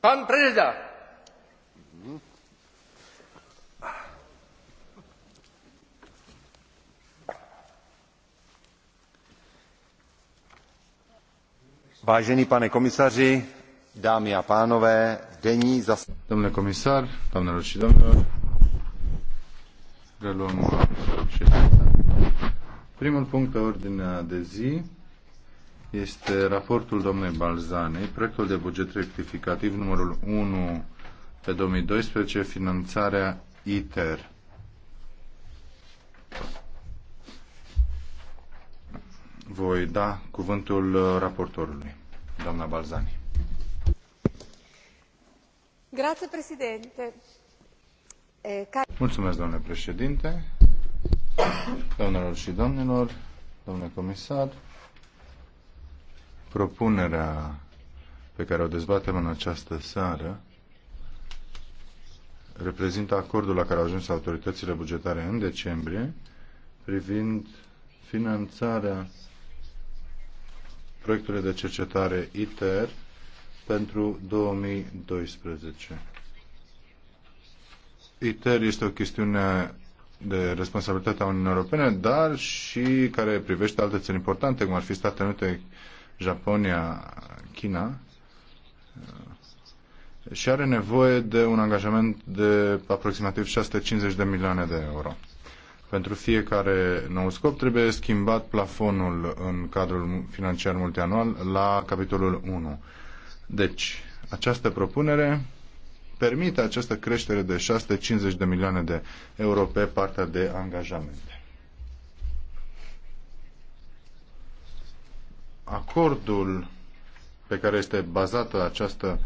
Pan Preda. Vážený pane komisaři, dámy a pánové, denní zasedání. Domnule komisar, doamnelor și domnule, reluăm ședința. Primul punct pe ordinea de zi este raportul domnului Balzani, proiectul de buget rectificativ numărul 1 pe 2012, finanțarea ITER. Voi da cuvântul raportorului, doamna Balzani. Grazie, președinte. Mulțumesc, domnule președinte, domnilor și domnilor, domnule comisar. Propunerea pe care o dezbatem în această seară reprezintă acordul la care au ajuns autoritățile bugetare în decembrie privind finanțarea proiectului de cercetare ITER pentru 2012. ITER este o chestiune de responsabilitatea Uniunii Europene, dar și care privește alte țări importante, cum ar fi Statele Unite, Japonia, China eh, și are nevoie de un angajament de aproximativ 650 de milioane de euro. Pentru fiecare nou scop trebuie schimbat plafonul în cadrul financiar multianual la capitolul 1. Deci, această propunere permite această creștere de 650 de milioane de euro pe partea de angajament. acordul pe care este bazată această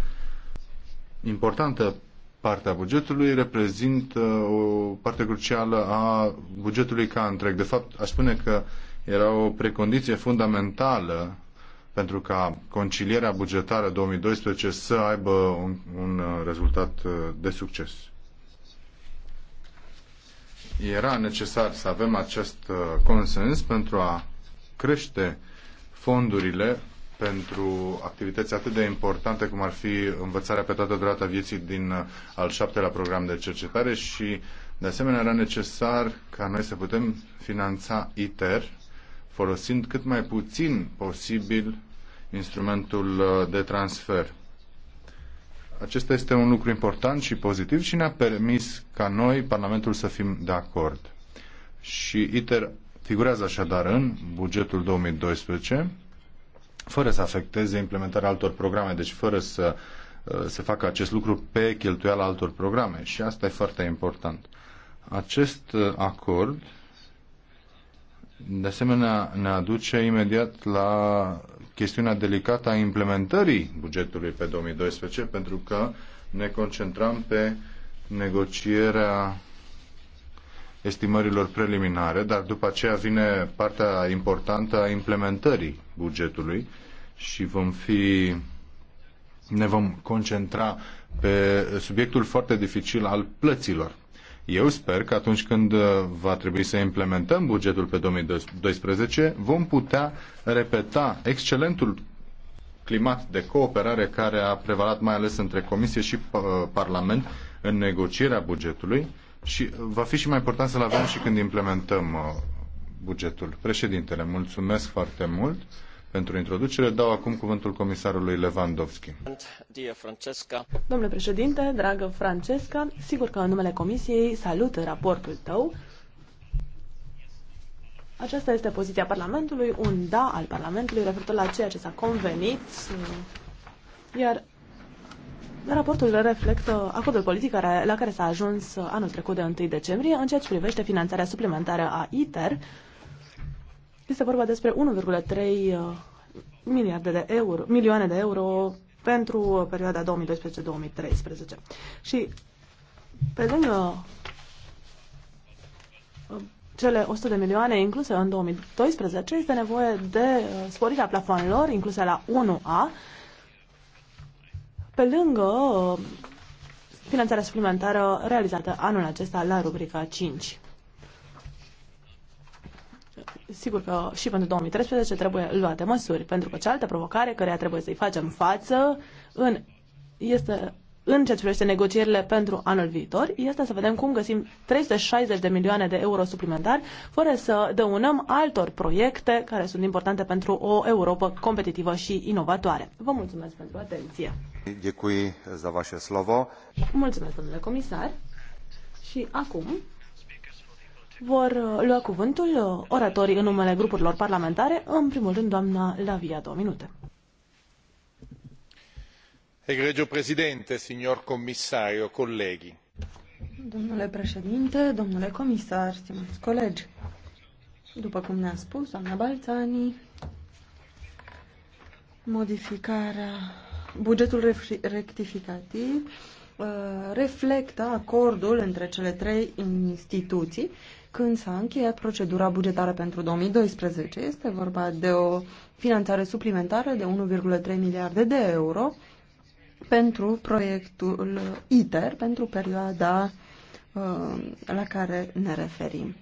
importantă parte a bugetului reprezintă o parte crucială a bugetului ca întreg. De fapt, aș spune că era o precondiție fundamentală pentru ca concilierea bugetară 2012 să aibă un, un uh, rezultat uh, de succes. Era necesar să avem acest uh, consens pentru a crește fondurile pentru activități atât de importante cum ar fi învățarea pe toată durata vieții din uh, al șaptelea program de cercetare și de asemenea era necesar ca noi să putem finanța ITER folosind cât mai puțin posibil instrumentul uh, de transfer. Acesta este un lucru important și pozitiv și ne-a permis ca noi, Parlamentul, să fim de acord. Și ITER Figurează așadar în bugetul 2012, fără să afecteze implementarea altor programe, deci fără să uh, se facă acest lucru pe cheltuiala altor programe. Și asta e foarte important. Acest uh, acord, de asemenea, ne aduce imediat la chestiunea delicată a implementării bugetului pe 2012, pentru că ne concentrăm pe negocierea estimărilor preliminare, dar după aceea vine partea importantă a implementării bugetului și vom fi ne vom concentra pe subiectul foarte dificil al plăților. Eu sper că atunci când va trebui să implementăm bugetul pe 2012, vom putea repeta excelentul climat de cooperare care a prevalat mai ales între Comisie și uh, Parlament în negocierea bugetului și va fi și mai important să-l avem și când implementăm uh, bugetul. Președintele, mulțumesc foarte mult pentru introducere. Dau acum cuvântul comisarului Lewandowski. Domnule președinte, dragă Francesca, sigur că în numele comisiei salut raportul tău. Aceasta este poziția Parlamentului, un da al Parlamentului referitor la ceea ce s-a convenit, uh, iar Raportul reflectă acordul politic la care s-a ajuns anul trecut de 1 decembrie în ceea ce privește finanțarea suplimentară a ITER. Este vorba despre 1,3 uh, miliarde de euro, milioane de euro pentru perioada 2012-2013. Și pe lângă uh, cele 100 de milioane incluse în 2012 este nevoie de uh, sporirea plafonelor incluse la 1A pe lângă uh, finanțarea suplimentară realizată anul acesta la rubrica 5. Sigur că și pentru 2013 trebuie luate măsuri, pentru că cealaltă provocare care trebuie să-i facem față în, este în ce privește negocierile pentru anul viitor este să vedem cum găsim 360 de milioane de euro suplimentari fără să dăunăm altor proiecte care sunt importante pentru o Europa competitivă și inovatoare. Vă mulțumesc pentru atenție. Děkuji za vaše slovo. Mulțumesc, domnule comisar. Și acum vor lua cuvântul oratorii în numele grupurilor parlamentare, în primul rând doamna Lavia, două minute egregio presidente signor commissario colleghi domnule președinte domnule comisar stimați colegi după cum ne-a spus doamna Balzani, modificarea bugetul rectificativ uh, reflectă acordul între cele trei instituții când s-a încheiat procedura bugetară pentru 2012. Este vorba de o finanțare suplimentară de 1,3 miliarde de euro pentru proiectul ITER, pentru perioada uh, la care ne referim.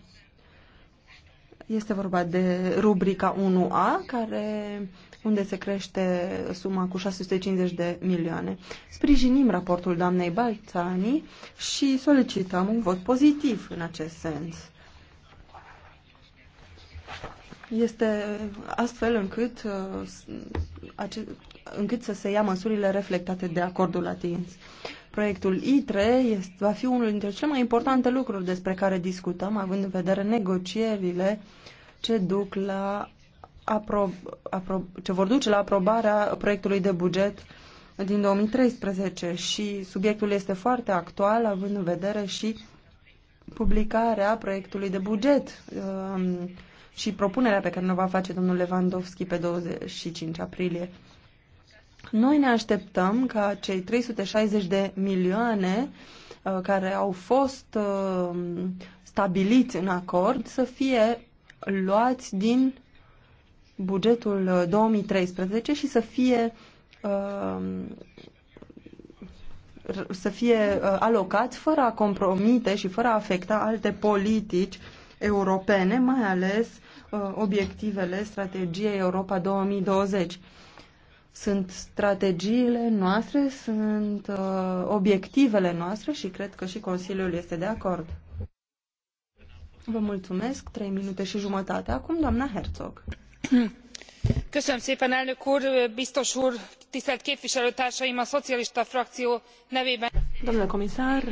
Este vorba de rubrica 1A, care, unde se crește suma cu 650 de milioane. Sprijinim raportul doamnei Balțani și solicităm un vot pozitiv în acest sens. Este astfel încât uh, ace încât să se ia măsurile reflectate de acordul atins. Proiectul ITRE este, va fi unul dintre cele mai importante lucruri despre care discutăm, având în vedere negocierile ce duc la apro, apro, ce vor duce la aprobarea proiectului de buget din 2013 și subiectul este foarte actual, având în vedere și publicarea proiectului de buget um, și propunerea pe care ne va face domnul Lewandowski pe 25 aprilie. Noi ne așteptăm ca cei 360 de milioane uh, care au fost uh, stabiliți în acord să fie luați din bugetul 2013 uh, și să fie să fie alocați fără a compromite și fără a afecta alte politici europene, mai ales obiectivele strategiei Europa 2020 sunt strategiile noastre, sunt uh, obiectivele noastre și cred că și Consiliul este de acord. Vă mulțumesc. Trei minute și jumătate. Acum doamna Herzog. Köszönöm szépen, elnök úr, biztos úr, tisztelt képviselőtársaim, a szocialista frakció nevében. Domnule comisar,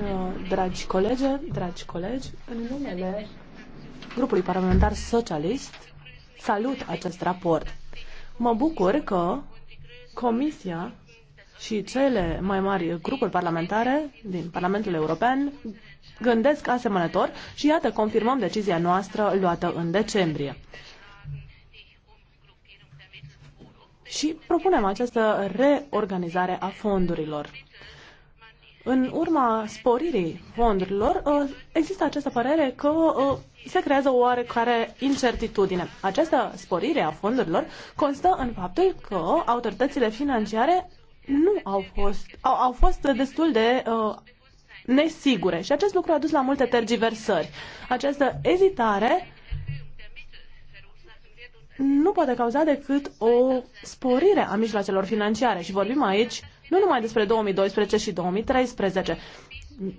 dragi colege, dragi colegi, în numele grupului parlamentar socialist, salut acest raport. Mă bucur că Comisia și cele mai mari grupuri parlamentare din Parlamentul European gândesc asemănător și iată, confirmăm decizia noastră luată în decembrie. Și propunem această reorganizare a fondurilor. În urma sporirii fondurilor, uh, există această părere că uh, se creează o oarecare incertitudine. Această sporire a fondurilor constă în faptul că autoritățile financiare nu au fost, au, au fost destul de uh, nesigure și acest lucru a dus la multe tergiversări. Această ezitare nu poate cauza decât o sporire a mijloacelor financiare și vorbim aici nu numai despre 2012 și 2013.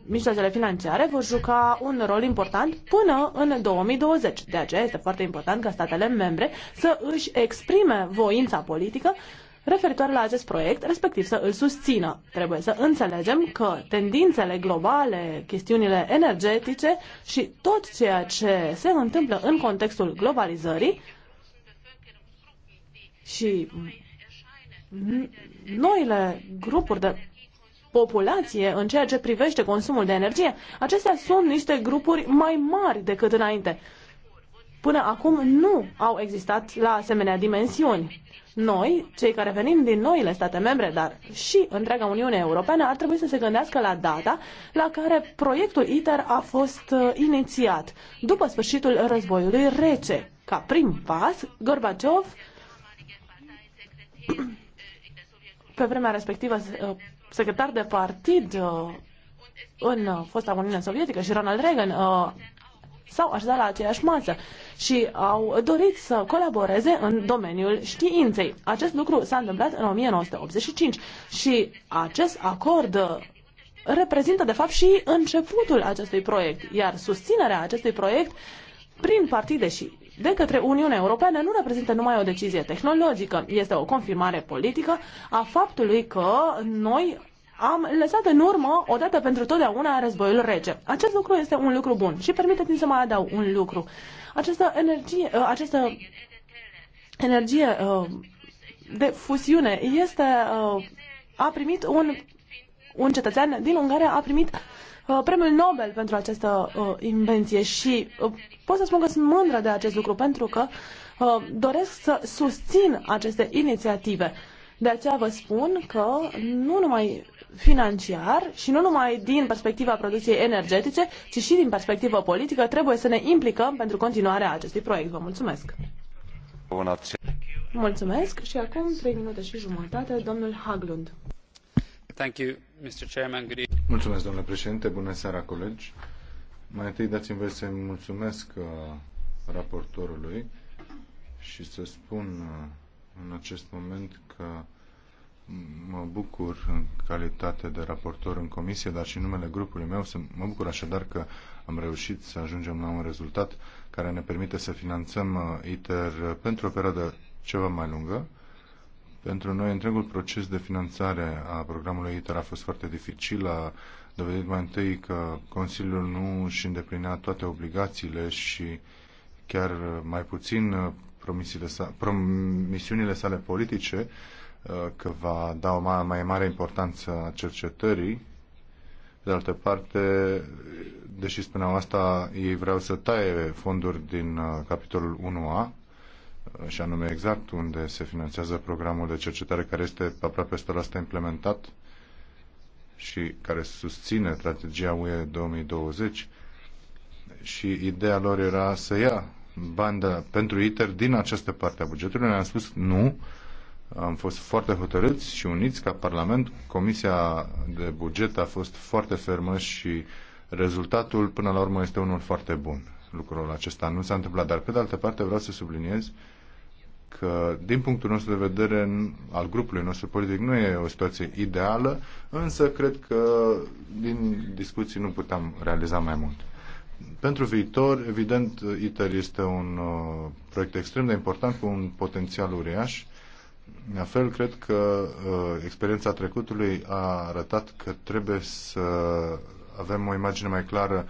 Mijloacele financiare vor juca un rol important până în 2020. De aceea este foarte important ca statele membre să își exprime voința politică referitoare la acest proiect, respectiv să îl susțină. Trebuie să înțelegem că tendințele globale, chestiunile energetice și tot ceea ce se întâmplă în contextul globalizării și noile grupuri de populație în ceea ce privește consumul de energie, acestea sunt niște grupuri mai mari decât înainte. Până acum nu au existat la asemenea dimensiuni. Noi, cei care venim din noile state membre, dar și întreaga Uniune Europeană, ar trebui să se gândească la data la care proiectul ITER a fost uh, inițiat, după sfârșitul războiului rece. Ca prim pas, Gorbaciov pe vremea respectivă uh, secretar de partid uh, în uh, fosta Uniune Sovietică și Ronald Reagan s-au așezat la aceeași masă și au dorit să colaboreze în domeniul științei. Acest lucru s-a întâmplat în 1985 și acest acord reprezintă de fapt și începutul acestui proiect, iar susținerea acestui proiect prin partide și de către Uniunea Europeană nu reprezintă numai o decizie tehnologică, este o confirmare politică a faptului că noi am lăsat în urmă, odată pentru totdeauna, războiul rece. Acest lucru este un lucru bun și permiteți-mi să mai adaug un lucru. Această energie, uh, această energie uh, de fusiune este, uh, a primit un, un cetățean din Ungaria a primit Uh, premiul Nobel pentru această uh, invenție și uh, pot să spun că sunt mândră de acest lucru pentru că doresc să susțin aceste inițiative. De aceea vă spun că nu numai financiar și nu numai din perspectiva producției energetice, ci și din perspectiva politică, trebuie să ne implicăm pentru continuarea acestui proiect. Vă mulțumesc! Mulțumesc și acum 3 minute și jumătate, domnul Haglund. Thank you, Mr. Chairman. Good Mulțumesc, domnule președinte. Bună seara, colegi. Mai întâi dați-mi voie să-i mulțumesc uh, raportorului și să spun uh, în acest moment că mă bucur în calitate de raportor în comisie, dar și în numele grupului meu. Mă bucur așadar că am reușit să ajungem la un rezultat care ne permite să finanțăm uh, ITER pentru o perioadă ceva mai lungă pentru noi, întregul proces de finanțare a programului ITER a fost foarte dificil. A dovedit mai întâi că Consiliul nu își îndeplinea toate obligațiile și chiar mai puțin uh, sa, promisiunile sale politice uh, că va da o mai mare importanță a cercetării. De altă parte, deși spuneau asta, ei vreau să taie fonduri din uh, capitolul 1A, și anume exact unde se finanțează programul de cercetare care este aproape 100% implementat și care susține strategia UE 2020 și ideea lor era să ia bandă pentru ITER din această parte a bugetului. Ne-am spus nu, am fost foarte hotărâți și uniți ca Parlament. Comisia de buget a fost foarte fermă și rezultatul până la urmă este unul foarte bun. Lucrul acesta nu s-a întâmplat, dar pe de altă parte vreau să subliniez că, din punctul nostru de vedere, al grupului nostru politic, nu e o situație ideală, însă cred că din discuții nu puteam realiza mai mult. Pentru viitor, evident, ITER este un uh, proiect extrem de important cu un potențial uriaș. La fel, cred că uh, experiența trecutului a arătat că trebuie să avem o imagine mai clară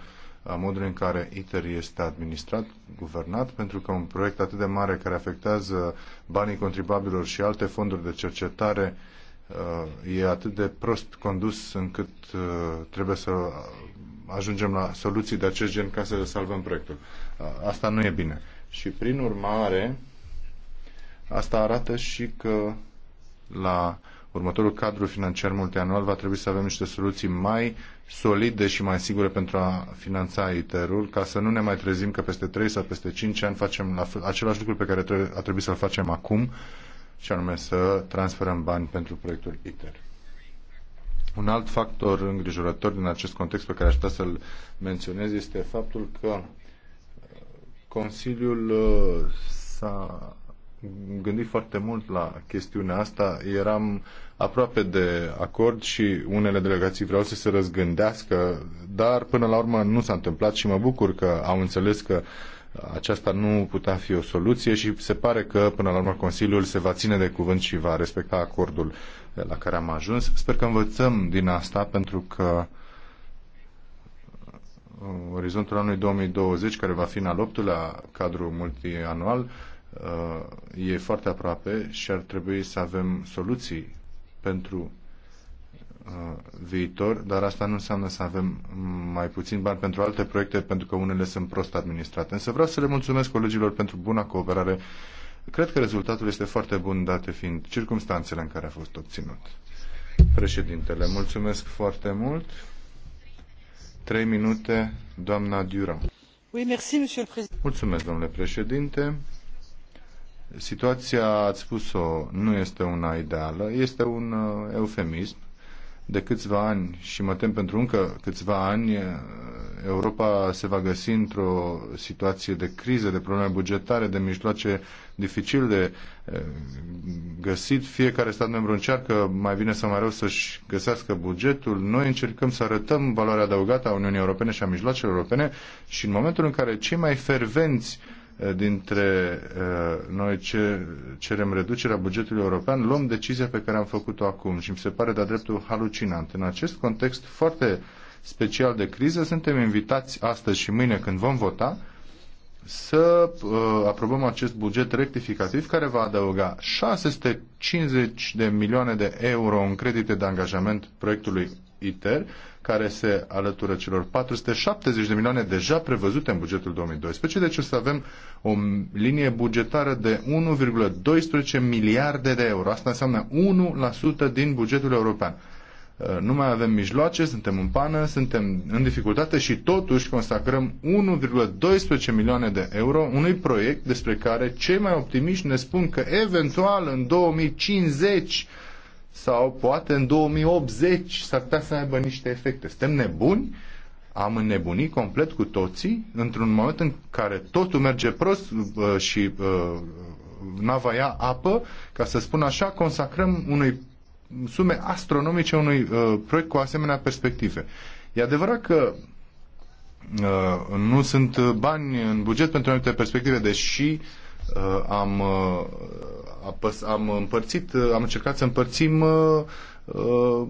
a în care ITER este administrat, guvernat, pentru că un proiect atât de mare care afectează banii contribuabilor și alte fonduri de cercetare uh, e atât de prost condus încât uh, trebuie să ajungem la soluții de acest gen ca să salvăm proiectul. Uh, asta nu e bine. Și prin urmare, asta arată și că la următorul cadru financiar multianual va trebui să avem niște soluții mai solide și mai sigure pentru a finanța ITER-ul, ca să nu ne mai trezim că peste 3 sau peste 5 ani facem la fel, același lucru pe care a trebuit să-l facem acum, și anume să transferăm bani pentru proiectul ITER. Un alt factor îngrijorător din acest context pe care aș putea să-l menționez este faptul că uh, Consiliul uh, s-a gândit foarte mult la chestiunea asta. Eram aproape de acord și unele delegații vreau să se răzgândească, dar până la urmă nu s-a întâmplat și mă bucur că au înțeles că aceasta nu putea fi o soluție și se pare că până la urmă Consiliul se va ține de cuvânt și va respecta acordul la care am ajuns. Sper că învățăm din asta pentru că orizontul anului 2020, care va fi în al 8-lea cadru multianual, e foarte aproape și ar trebui să avem soluții pentru uh, viitor, dar asta nu înseamnă să avem mai puțin bani pentru alte proiecte, pentru că unele sunt prost administrate. Însă vreau să le mulțumesc colegilor pentru buna cooperare. Cred că rezultatul este foarte bun, date fiind circumstanțele în care a fost obținut. Președintele, mulțumesc foarte mult. Trei minute, doamna Dura. Mulțumesc, domnule președinte. Situația, ați spus-o, nu este una ideală, este un uh, eufemism. De câțiva ani, și mă tem pentru încă câțiva ani, uh, Europa se va găsi într-o situație de criză, de probleme bugetare, de mijloace dificil de uh, găsit. Fiecare stat membru încearcă, mai bine sau mai rău, să-și găsească bugetul. Noi încercăm să arătăm valoarea adăugată a Uniunii Europene și a mijloacelor europene și în momentul în care cei mai fervenți uh, Eh, dintre eh, noi ce cerem reducerea bugetului european, luăm decizia pe care am făcut-o acum și mi se pare de-a dreptul halucinant. În acest context foarte special de criză, suntem invitați astăzi și mâine când vom vota să uh, aprobăm acest buget rectificativ care va adăuga 650 de milioane de euro în credite de angajament proiectului ITER, care se alătură celor 470 de milioane deja prevăzute în bugetul 2012, deci o să avem o linie bugetară de 1,12 miliarde de euro. Asta înseamnă 1% din bugetul european. Uh, nu mai avem mijloace, suntem în pană, suntem în dificultate și totuși consacrăm 1,12 milioane de euro unui proiect despre care cei mai optimiști ne spun că eventual în 2050 sau poate în 2080 s-ar putea să aibă niște efecte. Suntem nebuni? Am înnebunit complet cu toții într-un moment în care totul merge prost uh, și uh, nava ia apă, ca să spun așa, consacrăm unui sume astronomice unui uh, proiect cu asemenea perspective. E adevărat că uh, nu sunt bani în buget pentru anumite perspective, deși uh, am, uh, am împărțit, am încercat să împărțim uh, uh,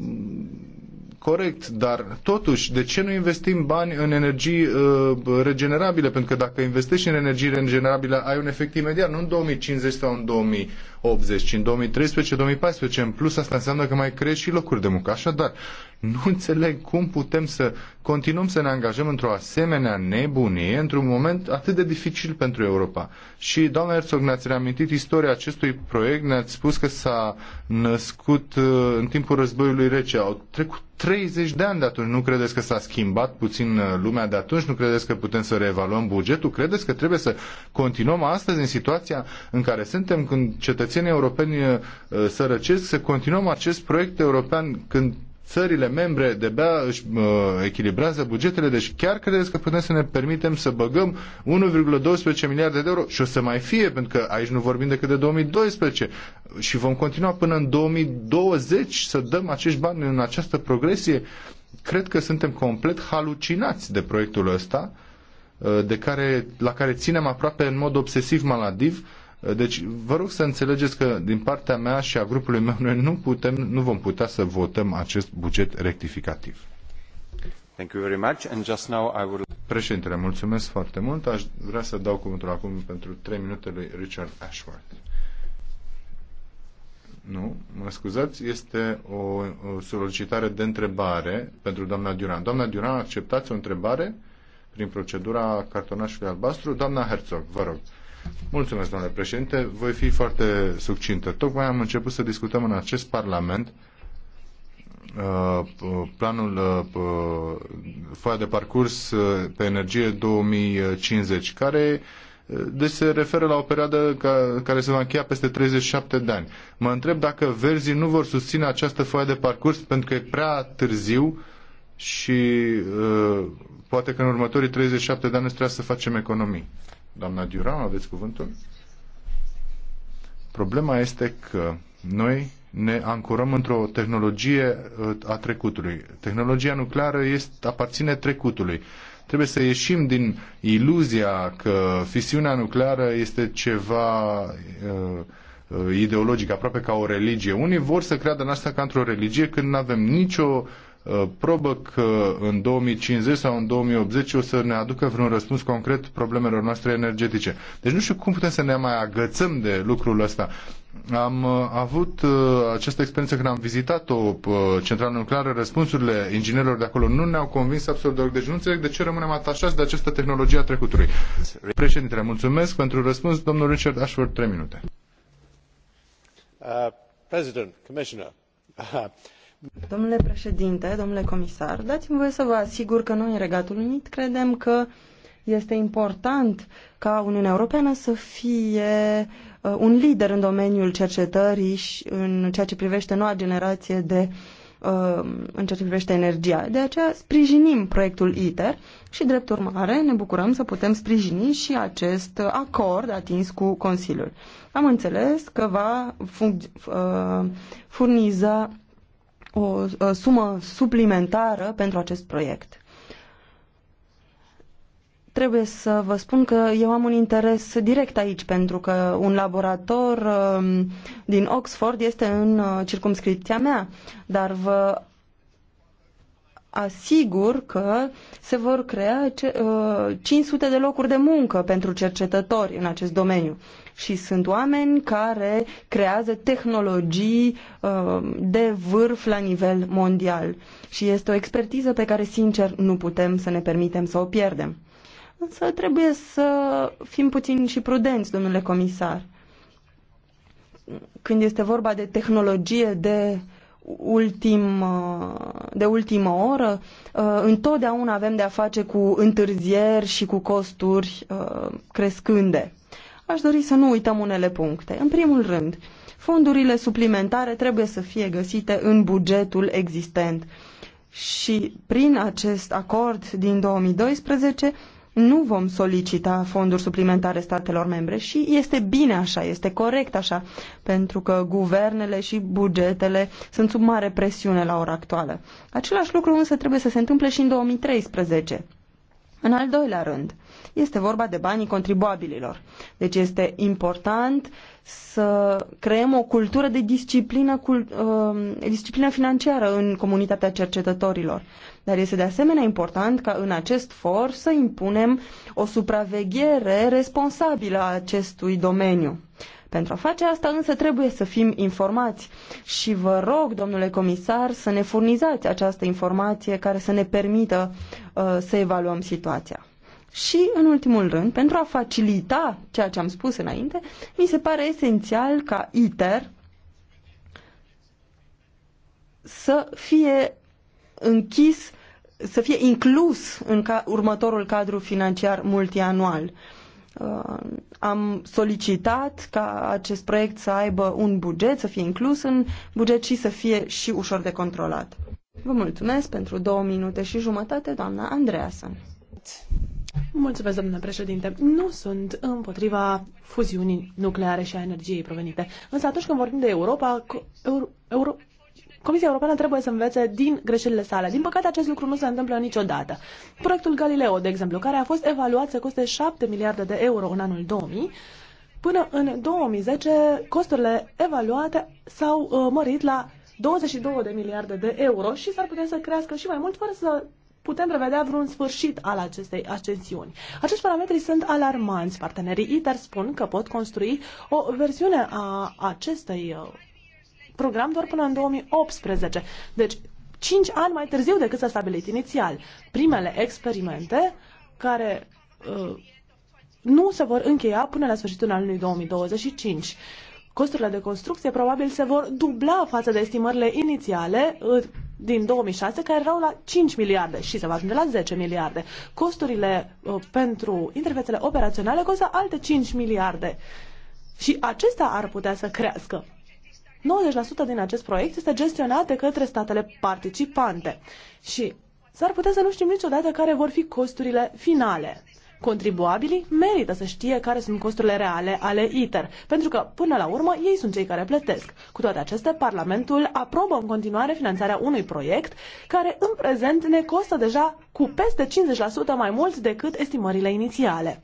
corect, dar totuși, de ce nu investim bani în energii uh, regenerabile? Pentru că dacă investești în energii regenerabile, ai un efect imediat, nu în 2050 sau în 2080, ci în 2013-2014. În plus, asta înseamnă că mai crești și locuri de muncă. Așadar, nu înțeleg cum putem să continuăm să ne angajăm într-o asemenea nebunie într-un moment atât de dificil pentru Europa. Și, doamna Herzog, ne-ați reamintit istoria acestui proiect, ne-ați spus că s-a născut uh, în timpul războiului rece. Au trecut 30 de ani de atunci. Nu credeți că s-a schimbat puțin uh, lumea de atunci? Nu credeți că putem să reevaluăm bugetul? Credeți că trebuie să continuăm astăzi în situația în care suntem, când cetățenii europeni uh, sărăcesc, să continuăm acest proiect european când țările membre de bea își uh, echilibrează bugetele, deci chiar credeți că putem să ne permitem să băgăm 1,12 miliarde de euro și o să mai fie, pentru că aici nu vorbim decât de 2012 și vom continua până în 2020 să dăm acești bani în această progresie. Cred că suntem complet halucinați de proiectul ăsta de care, la care ținem aproape în mod obsesiv maladiv deci vă rog să înțelegeți că din partea mea și a grupului meu noi nu putem, nu vom putea să votăm acest buget rectificativ. Thank you very much. And just now I will... Președintele, mulțumesc foarte mult. Aș vrea să dau cuvântul acum pentru trei minute lui Richard Ashworth. Nu, mă scuzați, este o, o solicitare de întrebare pentru doamna Duran. Doamna Duran, acceptați o întrebare prin procedura cartonașului albastru? Doamna Herzog, vă rog. Mulțumesc, domnule președinte. Voi fi foarte succintă. Tocmai am început să discutăm în acest Parlament uh, uh, planul uh, foaia de parcurs pe energie 2050, care deci se referă la o perioadă ca, care se va încheia peste 37 de ani. Mă întreb dacă verzii nu vor susține această foaie de parcurs pentru că e prea târziu și uh, poate că în următorii 37 de ani trebuie să facem economii. Doamna Duran, aveți cuvântul? Problema este că noi ne ancorăm într-o tehnologie uh, a trecutului. Tehnologia nucleară este, aparține trecutului. Trebuie să ieșim din iluzia că fisiunea nucleară este ceva uh, uh ideologic, aproape ca o religie. Unii vor să creadă în asta ca într-o religie când nu avem nicio Uh, probă că în 2050 sau în 2080 o să ne aducă vreun răspuns concret problemelor noastre energetice. Deci nu știu cum putem să ne mai agățăm de lucrul ăsta. Am uh, avut uh, această experiență când am vizitat o centrală nucleară, răspunsurile inginerilor de acolo nu ne-au convins absolut deloc. Deci nu înțeleg de ce rămânem atașați de această tehnologie a trecutului. Președintele, mulțumesc pentru răspuns. Domnul Richard Ashford, 3 minute. Uh, President, Commissioner, Domnule președinte, domnule comisar, dați-mi voie să vă asigur că noi în Regatul Unit credem că este important ca Uniunea Europeană să fie uh, un lider în domeniul cercetării și în ceea ce privește noua generație de uh, în ceea ce privește energia. De aceea sprijinim proiectul ITER și, drept urmare, ne bucurăm să putem sprijini și acest acord atins cu Consiliul. Am înțeles că va uh, furniza o sumă suplimentară pentru acest proiect. Trebuie să vă spun că eu am un interes direct aici, pentru că un laborator um, din Oxford este în uh, circumscripția mea, dar vă asigur că se vor crea 500 uh, de locuri de muncă pentru cercetători în acest domeniu. Și sunt oameni care creează tehnologii uh, de vârf la nivel mondial. Și este o expertiză pe care, sincer, nu putem să ne permitem să o pierdem. Însă trebuie să fim puțin și prudenți, domnule comisar. Când este vorba de tehnologie de uh, ultim, de ultimă oră, uh, întotdeauna avem de a face cu întârzieri și cu costuri uh, crescânde. Aș dori să nu uităm unele puncte. În primul rând, fondurile suplimentare trebuie să fie găsite în bugetul existent. Și prin acest acord din 2012 nu vom solicita fonduri suplimentare statelor membre și este bine așa, este corect așa, pentru că guvernele și bugetele sunt sub mare presiune la ora actuală. Același lucru însă trebuie să se întâmple și în 2013. În al doilea rând, este vorba de banii contribuabililor. Deci este important să creăm o cultură de disciplină, uh, disciplină financiară în comunitatea cercetătorilor dar este de asemenea important ca în acest for să impunem o supraveghere responsabilă a acestui domeniu. Pentru a face asta însă trebuie să fim informați și vă rog, domnule comisar, să ne furnizați această informație care să ne permită uh, să evaluăm situația. Și, în ultimul rând, pentru a facilita ceea ce am spus înainte, mi se pare esențial ca ITER să fie închis să fie inclus în ca următorul cadru financiar multianual. Uh, am solicitat ca acest proiect să aibă un buget, să fie inclus în buget și să fie și ușor de controlat. Vă mulțumesc pentru două minute și jumătate, doamna Andreasă. Mulțumesc, domnule președinte. Nu sunt împotriva fuziunii nucleare și a energiei provenite. Însă atunci când vorbim de Europa, Euro, Euro, Comisia Europeană trebuie să învețe din greșelile sale. Din păcate, acest lucru nu se întâmplă niciodată. Proiectul Galileo, de exemplu, care a fost evaluat să coste 7 miliarde de euro în anul 2000, până în 2010 costurile evaluate s-au uh, mărit la 22 de miliarde de euro și s-ar putea să crească și mai mult fără să putem prevedea vreun sfârșit al acestei ascensiuni. Acești parametri sunt alarmanți. Partenerii ITER spun că pot construi o versiune a acestei uh, program doar până în 2018. Deci, 5 ani mai târziu decât s-a stabilit inițial. Primele experimente care uh, nu se vor încheia până la sfârșitul anului 2025. Costurile de construcție probabil se vor dubla față de estimările inițiale uh, din 2006, care erau la 5 miliarde și se va ajunge la 10 miliarde. Costurile uh, pentru interfețele operaționale costă alte 5 miliarde și acesta ar putea să crească. 90% din acest proiect este gestionat de către statele participante și s-ar putea să nu știm niciodată care vor fi costurile finale. Contribuabilii merită să știe care sunt costurile reale ale ITER, pentru că, până la urmă, ei sunt cei care plătesc. Cu toate acestea, Parlamentul aprobă în continuare finanțarea unui proiect care, în prezent, ne costă deja cu peste 50% mai mult decât estimările inițiale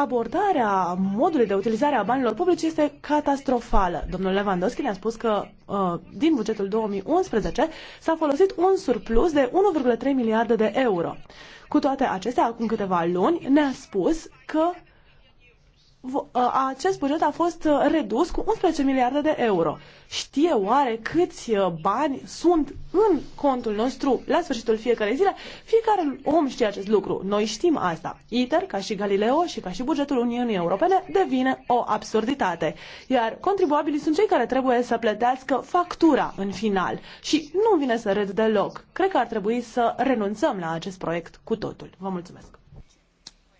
abordarea modului de utilizare a banilor publici este catastrofală. Domnul Lewandowski ne-a spus că uh, din bugetul 2011 s-a folosit un surplus de 1,3 miliarde de euro. Cu toate acestea, acum câteva luni ne-a spus că acest buget a fost redus cu 11 miliarde de euro. Știe oare câți bani sunt în contul nostru la sfârșitul fiecarei zile? Fiecare om știe acest lucru. Noi știm asta. ITER, ca și Galileo și ca și bugetul Uniunii Europene, devine o absurditate. Iar contribuabilii sunt cei care trebuie să plătească factura în final. Și nu vine să râd deloc. Cred că ar trebui să renunțăm la acest proiect cu totul. Vă mulțumesc!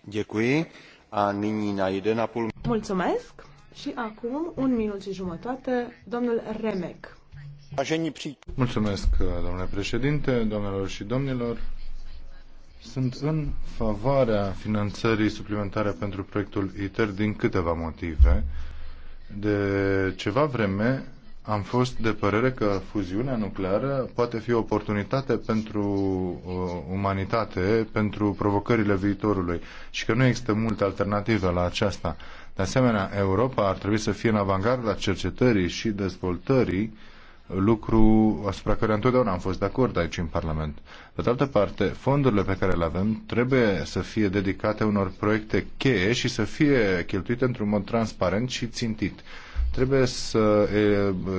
Děkuji a nyní na 1,5... Mulțumesc și acum un minut și jumătate, domnul Remec. Mulțumesc, domnule președinte, domnilor și domnilor. Sunt în favoarea finanțării suplimentare pentru proiectul ITER din câteva motive. De ceva vreme am fost de părere că fuziunea nucleară poate fi o oportunitate pentru uh, umanitate, pentru provocările viitorului și că nu există multe alternative la aceasta. De asemenea, Europa ar trebui să fie în avangarda cercetării și dezvoltării, lucru asupra care întotdeauna am fost de acord aici în Parlament. Pe de altă parte, fondurile pe care le avem trebuie să fie dedicate unor proiecte cheie și să fie cheltuite într-un mod transparent și țintit Trebuie să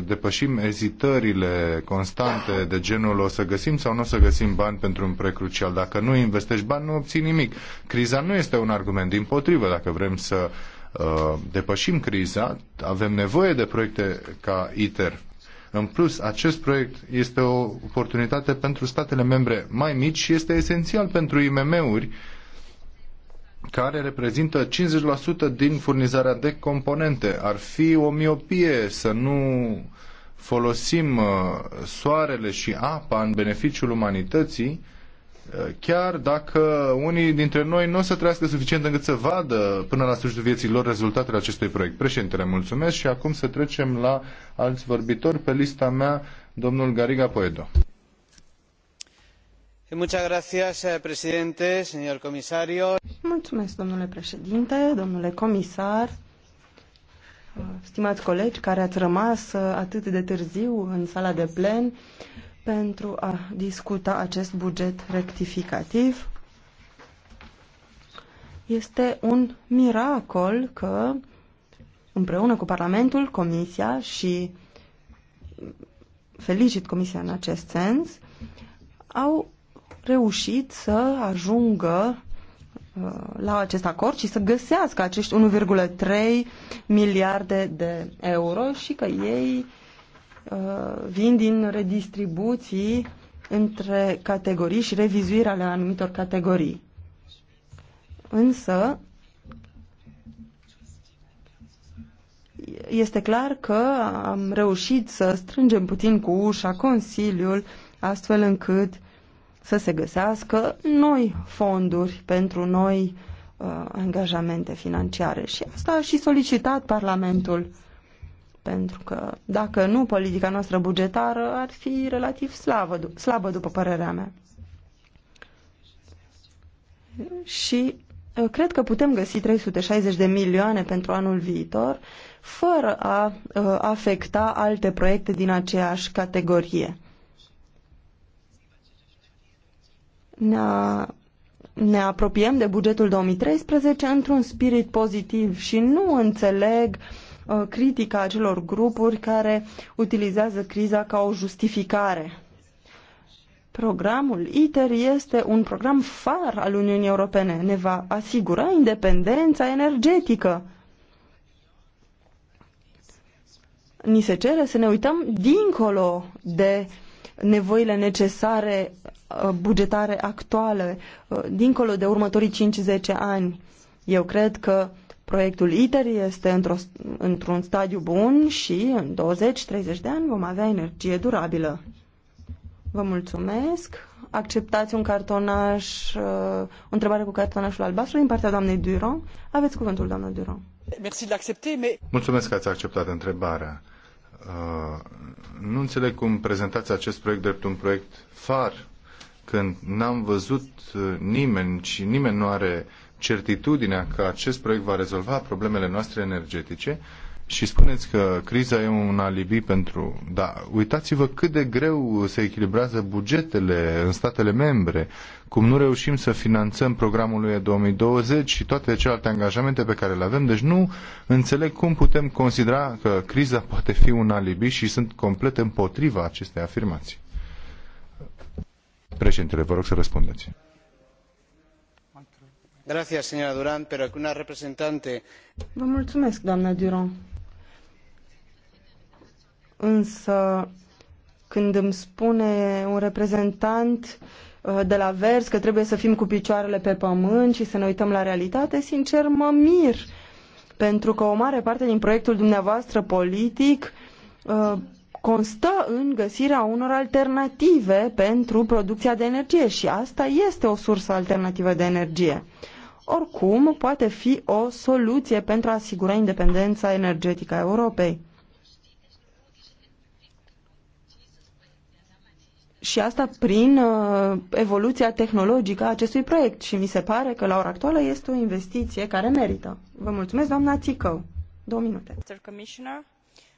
depășim ezitările constante de genul o să găsim sau nu o să găsim bani pentru un precrucial. Dacă nu investești bani, nu obții nimic. Criza nu este un argument. Din potrivă, dacă vrem să uh, depășim criza, avem nevoie de proiecte ca ITER. În plus, acest proiect este o oportunitate pentru statele membre mai mici și este esențial pentru IMM-uri care reprezintă 50% din furnizarea de componente. Ar fi o miopie să nu folosim uh, soarele și apa în beneficiul umanității, uh, chiar dacă unii dintre noi nu o să trăiască suficient încât să vadă până la sfârșitul vieții lor rezultatele acestui proiect. Președintele, mulțumesc și acum să trecem la alți vorbitori. Pe lista mea, domnul Gariga Poedo. Eh, Mulțumesc, domnule președinte, domnule comisar, stimați colegi care ați rămas eh, atât de târziu în sala de plen pentru a discuta acest buget rectificativ. Este un miracol că împreună cu Parlamentul, Comisia și felicit Comisia în acest sens, au reușit să ajungă uh, la acest acord și să găsească acești 1,3 miliarde de euro și că ei uh, vin din redistribuții între categorii și revizuirea ale anumitor categorii. Însă, este clar că am reușit să strângem puțin cu ușa Consiliul astfel încât să se găsească noi fonduri pentru noi uh, angajamente financiare. Și asta a și solicitat Parlamentul, pentru că dacă nu, politica noastră bugetară ar fi relativ slavă, slabă, după părerea mea. Și uh, cred că putem găsi 360 de milioane pentru anul viitor, fără a uh, afecta alte proiecte din aceeași categorie ne, ne apropiem de bugetul 2013 într-un spirit pozitiv și nu înțeleg uh, critica acelor grupuri care utilizează criza ca o justificare. Programul ITER este un program far al Uniunii Europene. Ne va asigura independența energetică. Ni se cere să ne uităm dincolo de nevoile necesare Uh, bugetare actuale, uh, dincolo de următorii 5-10 ani. Eu cred că proiectul ITER este într-o, într-un stadiu bun și în 20-30 de ani vom avea energie durabilă. Vă mulțumesc. Acceptați un cartonaș, uh, o întrebare cu cartonașul albastru din partea doamnei Duron. Aveți cuvântul, doamna Duron. Mulțumesc că ați acceptat întrebarea. Uh, nu înțeleg cum prezentați acest proiect drept un proiect far când n-am văzut uh, nimeni și nimeni nu are certitudinea că acest proiect va rezolva problemele noastre energetice și spuneți că criza e un alibi pentru... Da, uitați-vă cât de greu se echilibrează bugetele în statele membre, cum nu reușim să finanțăm programul lui 2020 și toate celelalte angajamente pe care le avem. Deci nu înțeleg cum putem considera că criza poate fi un alibi și sunt complet împotriva acestei afirmații. Președintele, vă rog să răspundeți. Vă mulțumesc, doamna Durand. Însă, când îmi spune un reprezentant uh, de la vers că trebuie să fim cu picioarele pe pământ și să ne uităm la realitate, sincer mă mir, pentru că o mare parte din proiectul dumneavoastră politic uh, constă în găsirea unor alternative pentru producția de energie și asta este o sursă alternativă de energie. Oricum, poate fi o soluție pentru a asigura independența energetică a Europei. Și asta prin uh, evoluția tehnologică a acestui proiect și mi se pare că la ora actuală este o investiție care merită. Vă mulțumesc, doamna Țicău. Două minute. Mr. Commissioner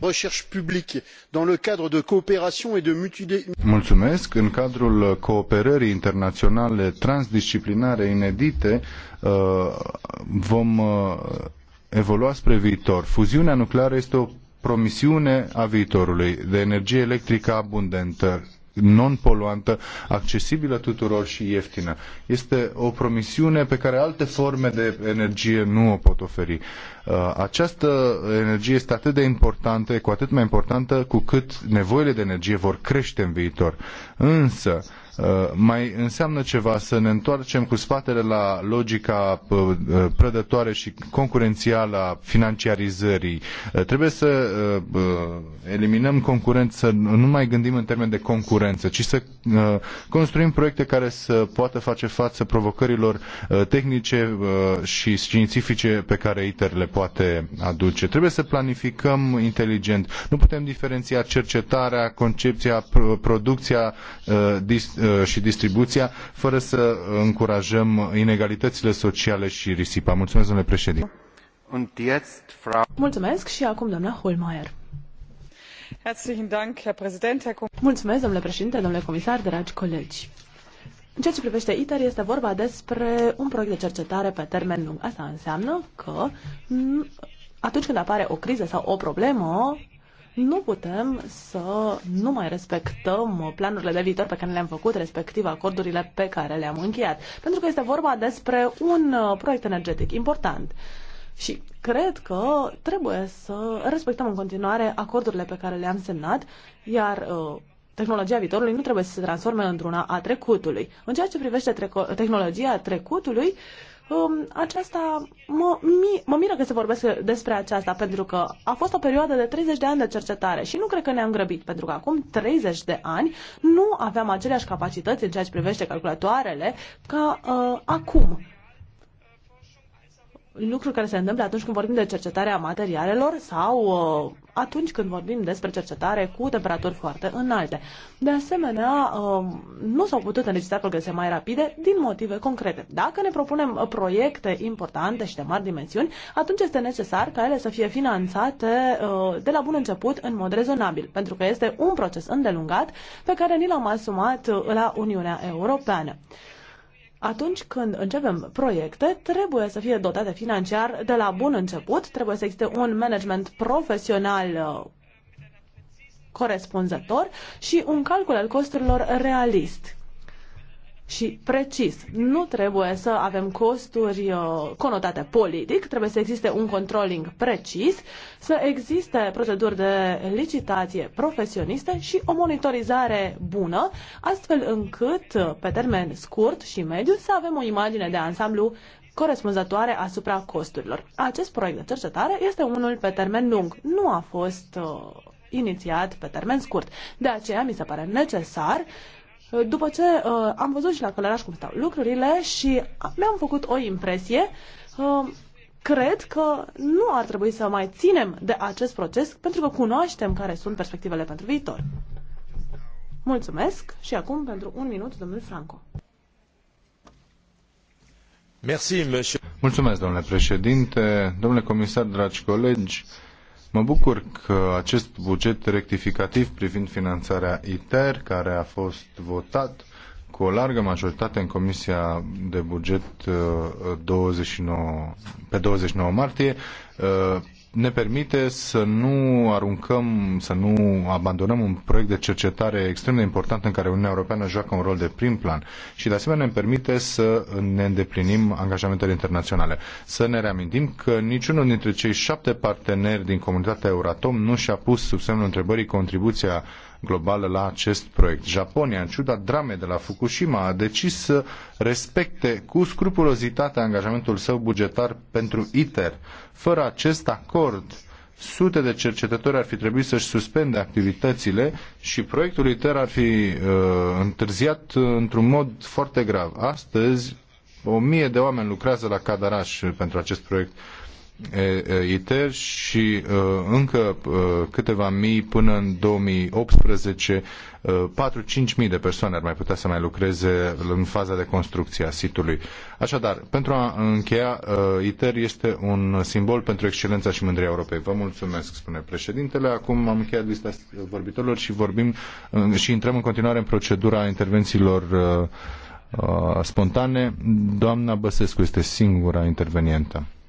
recherche publique dans le cadre de coopération et de mutualisation. în cadrul cooperării internaționale transdisciplinare inedite uh, vom uh, evolua spre viitor. Fuziunea nucleară este o promisiune a viitorului de energie electrică abundentă, non-poluantă, accesibilă tuturor și ieftină. Este o promisiune pe care alte forme de energie nu o pot oferi. Uh, această energie este atât de importantă, cu atât mai importantă, cu cât nevoile de energie vor crește în viitor. Însă, Uh, mai înseamnă ceva să ne întoarcem cu spatele la logica uh, uh, prădătoare și concurențială a financiarizării. Trebuie să eliminăm concurență, nu mai gândim în termeni de concurență, ci să construim proiecte care să poată face față provocărilor tehnice și științifice pe care ITER le poate aduce. Trebuie să planificăm inteligent. Nu putem diferenția cercetarea, concepția, producția, Uh, și distribuția, fără să încurajăm inegalitățile sociale și risipa. Mulțumesc, domnule președinte. Mulțumesc și acum doamna Holmeier. Mulțumesc, domnule președinte, domnule comisar, dragi colegi. În ceea ce privește ITER, este vorba despre un proiect de cercetare pe termen lung. Asta înseamnă că atunci când apare o criză sau o problemă, nu putem să nu mai respectăm planurile de viitor pe care le-am făcut, respectiv acordurile pe care le-am încheiat. Pentru că este vorba despre un uh, proiect energetic important. Și cred că trebuie să respectăm în continuare acordurile pe care le-am semnat, iar uh, tehnologia viitorului nu trebuie să se transforme într-una a trecutului. În ceea ce privește treco- tehnologia trecutului, uh, Um, aceasta mă, mi, mă miră că se vorbește despre aceasta, pentru că a fost o perioadă de 30 de ani de cercetare și nu cred că ne-am grăbit, pentru că acum 30 de ani nu aveam aceleași capacități în ceea ce privește calculatoarele ca uh, acum lucruri care se întâmplă atunci când vorbim de cercetarea materialelor sau uh, atunci când vorbim despre cercetare cu temperaturi foarte înalte. De asemenea, uh, nu s-au putut înregistra progrese mai rapide din motive concrete. Dacă ne propunem uh, proiecte importante și de mari dimensiuni, atunci este necesar ca ele să fie finanțate uh, de la bun început în mod rezonabil, pentru că este un proces îndelungat pe care ni l-am asumat uh, la Uniunea Europeană atunci când începem proiecte, trebuie să fie dotate financiar de la bun început, trebuie să existe un management profesional uh, corespunzător și un calcul al costurilor realist și precis. Nu trebuie să avem costuri uh, conotate politic, trebuie să existe un controlling precis, să existe proceduri de licitație profesioniste și o monitorizare bună, astfel încât, uh, pe termen scurt și mediu, să avem o imagine de ansamblu corespunzătoare asupra costurilor. Acest proiect de cercetare este unul pe termen lung. Nu a fost uh, inițiat pe termen scurt. De aceea mi se pare necesar după ce uh, am văzut și la Călăraș cum stau lucrurile și mi-am făcut o impresie, uh, cred că nu ar trebui să mai ținem de acest proces pentru că cunoaștem care sunt perspectivele pentru viitor. Mulțumesc și acum pentru un minut, domnul Franco. Merci, Mulțumesc, domnule președinte, domnule comisar, dragi colegi. Mă bucur că acest buget rectificativ privind finanțarea ITER, care a fost votat cu o largă majoritate în Comisia de Buget 29, uh, pe 29 martie, uh, ne permite să nu aruncăm, să nu abandonăm un proiect de cercetare extrem de important în care Uniunea Europeană joacă un rol de prim plan și de asemenea ne permite să ne îndeplinim angajamentele internaționale. Să ne reamintim că niciunul dintre cei șapte parteneri din comunitatea Euratom nu și-a pus sub semnul întrebării contribuția globală la acest proiect. Japonia, în ciuda dramei de la Fukushima, a decis să respecte cu scrupulozitate angajamentul său bugetar pentru ITER. Fără acest acord, sute de cercetători ar fi trebuit să-și suspende activitățile și proiectul ITER ar fi uh, întârziat uh, într-un mod foarte grav. Astăzi, o mie de oameni lucrează la Cadaraș pentru acest proiect ITER și încă câteva mii până în 2018, 4-5 mii de persoane ar mai putea să mai lucreze în faza de construcție a sitului. Așadar, pentru a încheia, ITER este un simbol pentru excelența și mândria Europei. Vă mulțumesc, spune președintele. Acum am încheiat lista vorbitorilor și vorbim și intrăm în continuare în procedura intervențiilor spontane. Doamna Băsescu este singura intervenientă.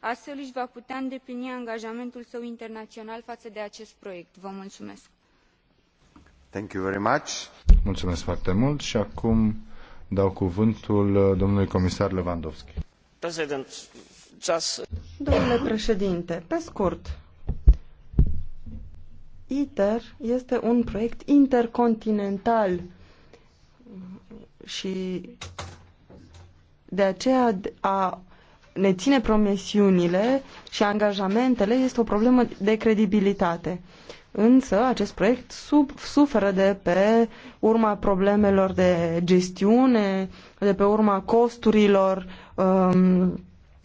astfel îi va putea îndeplini angajamentul său internaional faă de acest proiect. Thank you very much. Mulțumesc foarte mult și acum dau cuvântul uh, domnului comisar Lewandowski. Domnule președinte, pe scurt, ITER este un proiect intercontinental și de aceea a ne ține promisiunile și angajamentele este o problemă de credibilitate. Însă acest proiect sub, suferă de pe urma problemelor de gestiune, de pe urma costurilor um,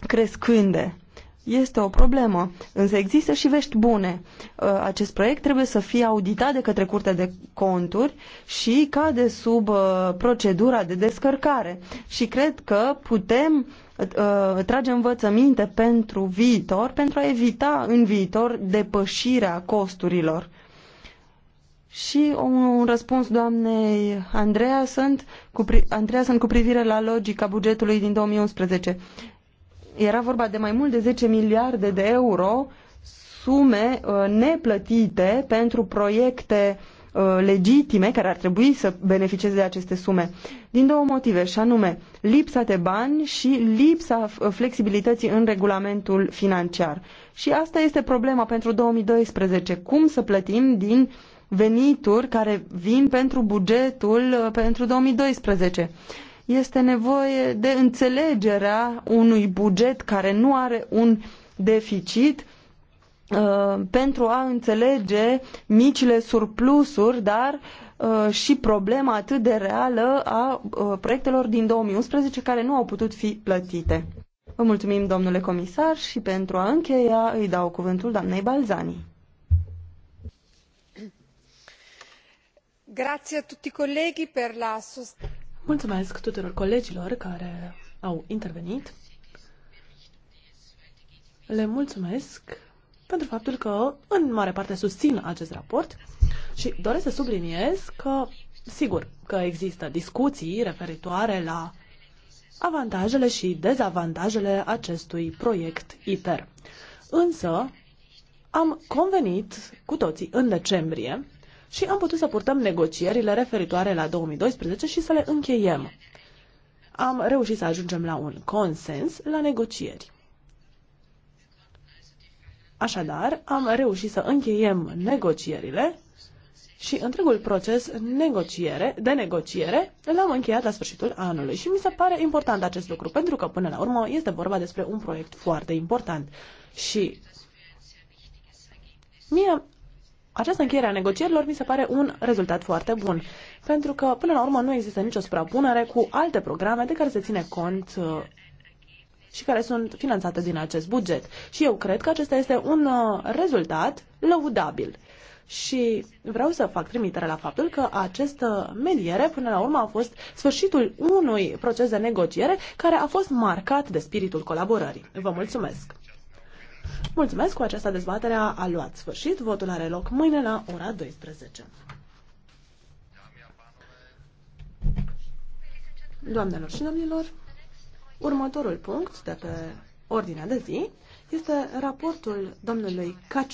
crescânde este o problemă, însă există și vești bune. Ă, acest proiect trebuie să fie auditat de către Curtea de Conturi și cade sub ă, procedura de descărcare. Și cred că putem ă, trage învățăminte pentru viitor, pentru a evita în viitor depășirea costurilor. Și un răspuns doamnei Andreea sunt cu, pri- Andreea sunt cu privire la logica bugetului din 2011. Era vorba de mai mult de 10 miliarde de euro sume uh, neplătite pentru proiecte uh, legitime care ar trebui să beneficieze de aceste sume. Din două motive, și anume lipsa de bani și lipsa uh, flexibilității în regulamentul financiar. Și asta este problema pentru 2012. Cum să plătim din venituri care vin pentru bugetul pentru 2012? Este nevoie de înțelegerea unui buget care nu are un deficit uh, pentru a înțelege micile surplusuri, dar uh, și problema atât de reală a uh, proiectelor din 2011 care nu au putut fi plătite. Vă mulțumim, domnule comisar, și pentru a încheia îi dau cuvântul doamnei Balzani. Grazie a tutti i colleghi per la sostanza. Mulțumesc tuturor colegilor care au intervenit. Le mulțumesc pentru faptul că în mare parte susțin acest raport și doresc să subliniez că, sigur, că există discuții referitoare la avantajele și dezavantajele acestui proiect ITER. Însă, am convenit cu toții în decembrie și am putut să purtăm negocierile referitoare la 2012 și să le încheiem. Am reușit să ajungem la un consens la negocieri. Așadar, am reușit să încheiem negocierile și întregul proces negociere, de negociere l-am încheiat la sfârșitul anului și mi se pare important acest lucru pentru că până la urmă este vorba despre un proiect foarte important și mie această încheiere a negocierilor mi se pare un rezultat foarte bun, pentru că până la urmă nu există nicio suprapunere cu alte programe de care se ține cont uh, și care sunt finanțate din acest buget. Și eu cred că acesta este un uh, rezultat lăudabil. Și vreau să fac trimitere la faptul că această mediere până la urmă a fost sfârșitul unui proces de negociere care a fost marcat de spiritul colaborării. Vă mulțumesc! Mulțumesc, cu această dezbatere a luat sfârșit. Votul are loc mâine la ora 12. Doamnelor și domnilor, următorul punct de pe ordinea de zi este raportul domnului Caci